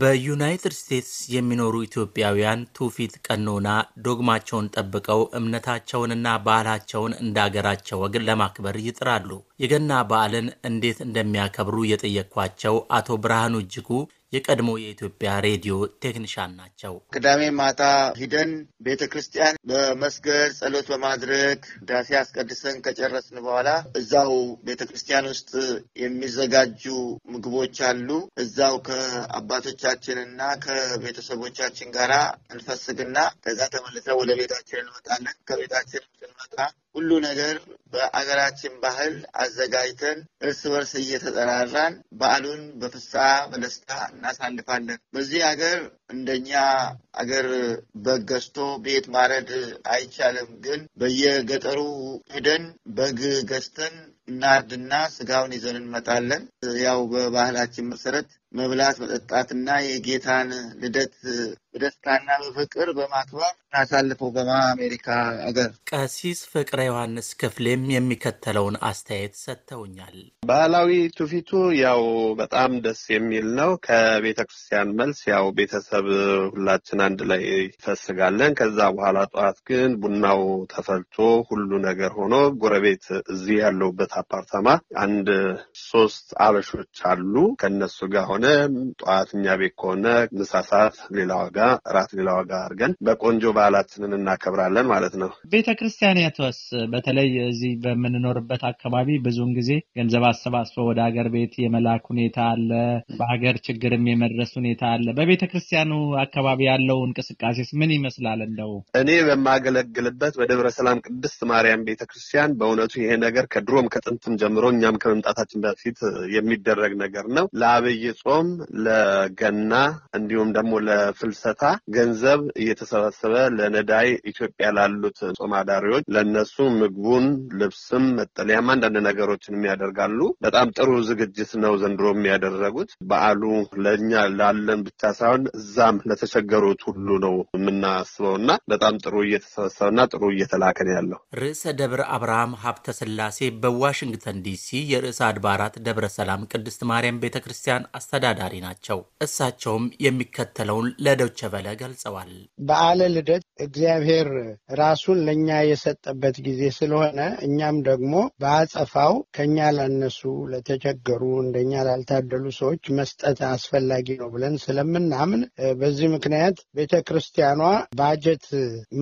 በዩናይትድ ስቴትስ የሚኖሩ ኢትዮጵያውያን ትውፊት፣ ቀኖና፣ ዶግማቸውን ጠብቀው እምነታቸውንና ባህላቸውን እንደ አገራቸው ወግ ለማክበር ይጥራሉ። የገና በዓልን እንዴት እንደሚያከብሩ የጠየቅኳቸው አቶ ብርሃኑ እጅጉ የቀድሞ የኢትዮጵያ ሬዲዮ ቴክኒሻን ናቸው። ቅዳሜ ማታ ሂደን ቤተ ክርስቲያን በመስገድ ጸሎት በማድረግ ዳሴ አስቀድሰን ከጨረስን በኋላ እዛው ቤተ ክርስቲያን ውስጥ የሚዘጋጁ ምግቦች አሉ። እዛው ከአባቶቻችን እና ከቤተሰቦቻችን ጋራ እንፈስግና ከዛ ተመልሰ ወደ ቤታችን እንመጣለን። ከቤታችን ስንመጣ ሁሉ ነገር በአገራችን ባህል አዘጋጅተን እርስ በርስ እየተጠራራን በዓሉን በፍስሐ በደስታ እናሳልፋለን። በዚህ አገር እንደኛ አገር በግ ገዝቶ ቤት ማረድ አይቻልም። ግን በየገጠሩ ሄደን በግ ገዝተን እናርድና ስጋውን ይዘን እንመጣለን። ያው በባህላችን መሰረት መብላት መጠጣትና የጌታን ልደት በደስታና በፍቅር በማክበር እናሳልፈው በአሜሪካ አገር። ቀሲስ ፍቅረ ዮሐንስ ክፍሌም የሚከተለውን አስተያየት ሰጥተውኛል። ባህላዊ ትውፊቱ ያው በጣም ደስ የሚል ነው። ከቤተ ክርስቲያን መልስ ያው ቤተሰብ ሁላችን አንድ ላይ ይፈስጋለን። ከዛ በኋላ ጠዋት ግን ቡናው ተፈልቶ ሁሉ ነገር ሆኖ ጎረቤት እዚህ ያለውበት አፓርታማ አንድ ሶስት አበሾች አሉ። ከነሱ ጋር ሆነ ጠዋት እኛ ቤት ከሆነ ምሳ ሰዓት ሌላ ዋጋ ራት ሌላ ዋጋ አድርገን በቆንጆ በዓላችንን እናከብራለን ማለት ነው። ቤተ ክርስቲያናትስ በተለይ እዚህ በምንኖርበት አካባቢ ብዙውን ጊዜ ገንዘብ አሰባስበው ወደ ሀገር ቤት የመላክ ሁኔታ አለ። በሀገር ችግርም የመድረስ ሁኔታ አለ። በቤተ ክርስቲያኑ አካባቢ ያለው እንቅስቃሴስ ምን ይመስላል? እንደው እኔ በማገለግልበት በደብረ ሰላም ቅድስት ማርያም ቤተ ክርስቲያን በእውነቱ ይሄ ነገር ከድሮም ከጥንትም ጀምሮ እኛም ከመምጣታችን በፊት የሚደረግ ነገር ነው። ለአብይ ጾም፣ ለገና እንዲሁም ደግሞ ለፍልሰ በቀጥታ ገንዘብ እየተሰበሰበ ለነዳይ ኢትዮጵያ ላሉት ጾም አዳሪዎች ለእነሱ ምግቡን፣ ልብስም፣ መጠለያም አንዳንድ ነገሮችንም ያደርጋሉ። በጣም ጥሩ ዝግጅት ነው ዘንድሮ የሚያደረጉት። በዓሉ ለእኛ ላለን ብቻ ሳይሆን እዛም ለተቸገሩት ሁሉ ነው የምናስበው እና በጣም ጥሩ እየተሰበሰበና ጥሩ እየተላከን ያለው ርዕሰ ደብረ አብርሃም ሀብተ ስላሴ በዋሽንግተን ዲሲ የርዕሰ አድባራት ደብረ ሰላም ቅድስት ማርያም ቤተ ክርስቲያን አስተዳዳሪ ናቸው። እሳቸውም የሚከተለውን ለዶች ዶቸበለ ገልጸዋል። በዓለ ልደት እግዚአብሔር ራሱን ለእኛ የሰጠበት ጊዜ ስለሆነ እኛም ደግሞ በአጸፋው ከእኛ ላነሱ ለተቸገሩ፣ እንደኛ ላልታደሉ ሰዎች መስጠት አስፈላጊ ነው ብለን ስለምናምን በዚህ ምክንያት ቤተ ክርስቲያኗ ባጀት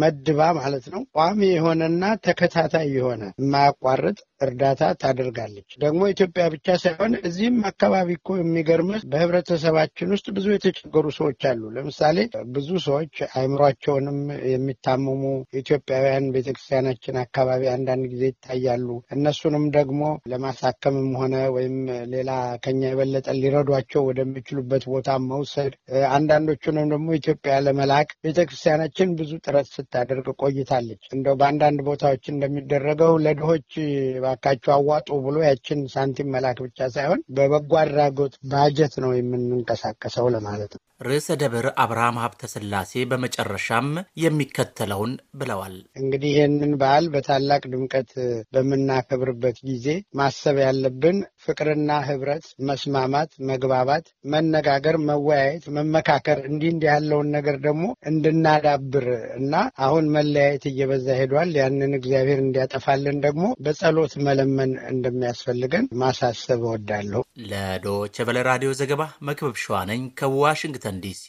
መድባ ማለት ነው ቋሚ የሆነና ተከታታይ የሆነ የማያቋርጥ እርዳታ ታደርጋለች። ደግሞ ኢትዮጵያ ብቻ ሳይሆን እዚህም አካባቢ እኮ የሚገርም በህብረተሰባችን ውስጥ ብዙ የተቸገሩ ሰዎች አሉ። ለምሳሌ ብዙ ሰዎች አእምሯቸውንም የሚታመሙ ኢትዮጵያውያን ቤተክርስቲያናችን አካባቢ አንዳንድ ጊዜ ይታያሉ። እነሱንም ደግሞ ለማሳከምም ሆነ ወይም ሌላ ከኛ የበለጠ ሊረዷቸው ወደሚችሉበት ቦታ መውሰድ፣ አንዳንዶቹንም ደግሞ ኢትዮጵያ ለመላክ ቤተክርስቲያናችን ብዙ ጥረት ስታደርግ ቆይታለች። እንደው በአንዳንድ ቦታዎች እንደሚደረገው ለድሆች እባካችሁ አዋጡ ብሎ ያችን ሳንቲም መላክ ብቻ ሳይሆን በበጎ አድራጎት ባጀት ነው የምንንቀሳቀሰው ለማለት ነው። ርዕሰ ደብር አብርሃም ሀብተ ስላሴ በመጨረሻም የሚከተለውን ብለዋል። እንግዲህ ይህንን በዓል በታላቅ ድምቀት በምናከብርበት ጊዜ ማሰብ ያለብን ፍቅርና ህብረት፣ መስማማት፣ መግባባት፣ መነጋገር፣ መወያየት፣ መመካከር እንዲህ እንዲህ ያለውን ነገር ደግሞ እንድናዳብር እና አሁን መለያየት እየበዛ ሄዷል። ያንን እግዚአብሔር እንዲያጠፋልን ደግሞ በጸሎት መለመን እንደሚያስፈልገን ማሳሰብ እወዳለሁ። ለዶቸበለ ራዲዮ ዘገባ መክበብ ሸዋነኝ ከዋሽንግተን ዲሲ